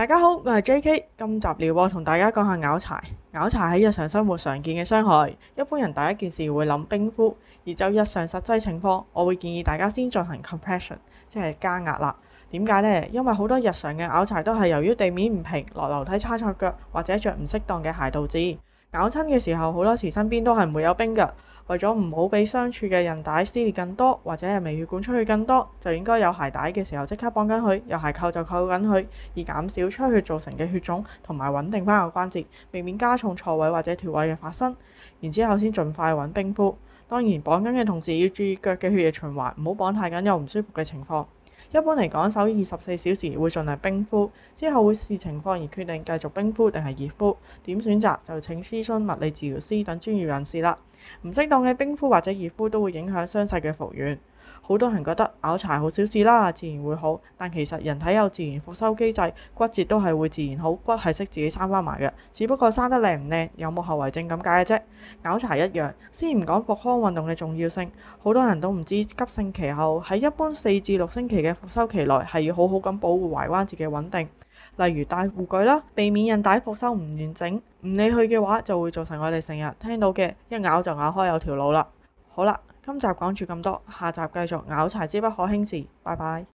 大家好，我係 JK。今集療播同大家講下拗柴。拗柴喺日常生活常見嘅傷害，一般人第一件事會諗冰敷，而就日常實際情況，我會建議大家先進行 compression，即係加壓啦。點解呢？因為好多日常嘅拗柴都係由於地面唔平、落樓梯叉錯腳或者着唔適當嘅鞋導致。拗柴嘅時候，好多時身邊都係唔會有冰噶。為咗唔好俾傷處嘅韌帶撕裂更多，或者係微血管出血更多，就應該有鞋帶嘅時候即刻綁緊佢，有鞋扣就扣緊佢，以減少出血造成嘅血腫同埋穩定翻個關節，避免加重錯位或者脱位嘅發生。然之後先盡快揾冰敷。當然綁緊嘅同時要注意腳嘅血液循環，唔好綁太緊又唔舒服嘅情況。一般嚟講，首二十四小時會盡量冰敷，之後會視情況而決定繼續冰敷定係熱敷。點選擇？就請諮詢物理治療師等專業人士啦。唔適當嘅冰敷或者熱敷都會影響傷勢嘅復原。好多人覺得拗柴好小事啦，自然會好。但其實人體有自然復修機制，骨折都係會自然好，骨係識自己生翻埋嘅。只不過生得靚唔靚，有冇後遺症咁解嘅啫。拗柴一樣，先唔講復康運動嘅重要性，好多人都唔知急性期後喺一般四至六星期嘅復修期內係要好好咁保護踝關節嘅穩定，例如戴護具啦，避免韌帶復修唔完整。唔理佢嘅話，就會造成我哋成日聽到嘅一拗就拗開有條路啦。好啦。今集講住咁多，下集繼續拗柴之不可輕視。拜拜。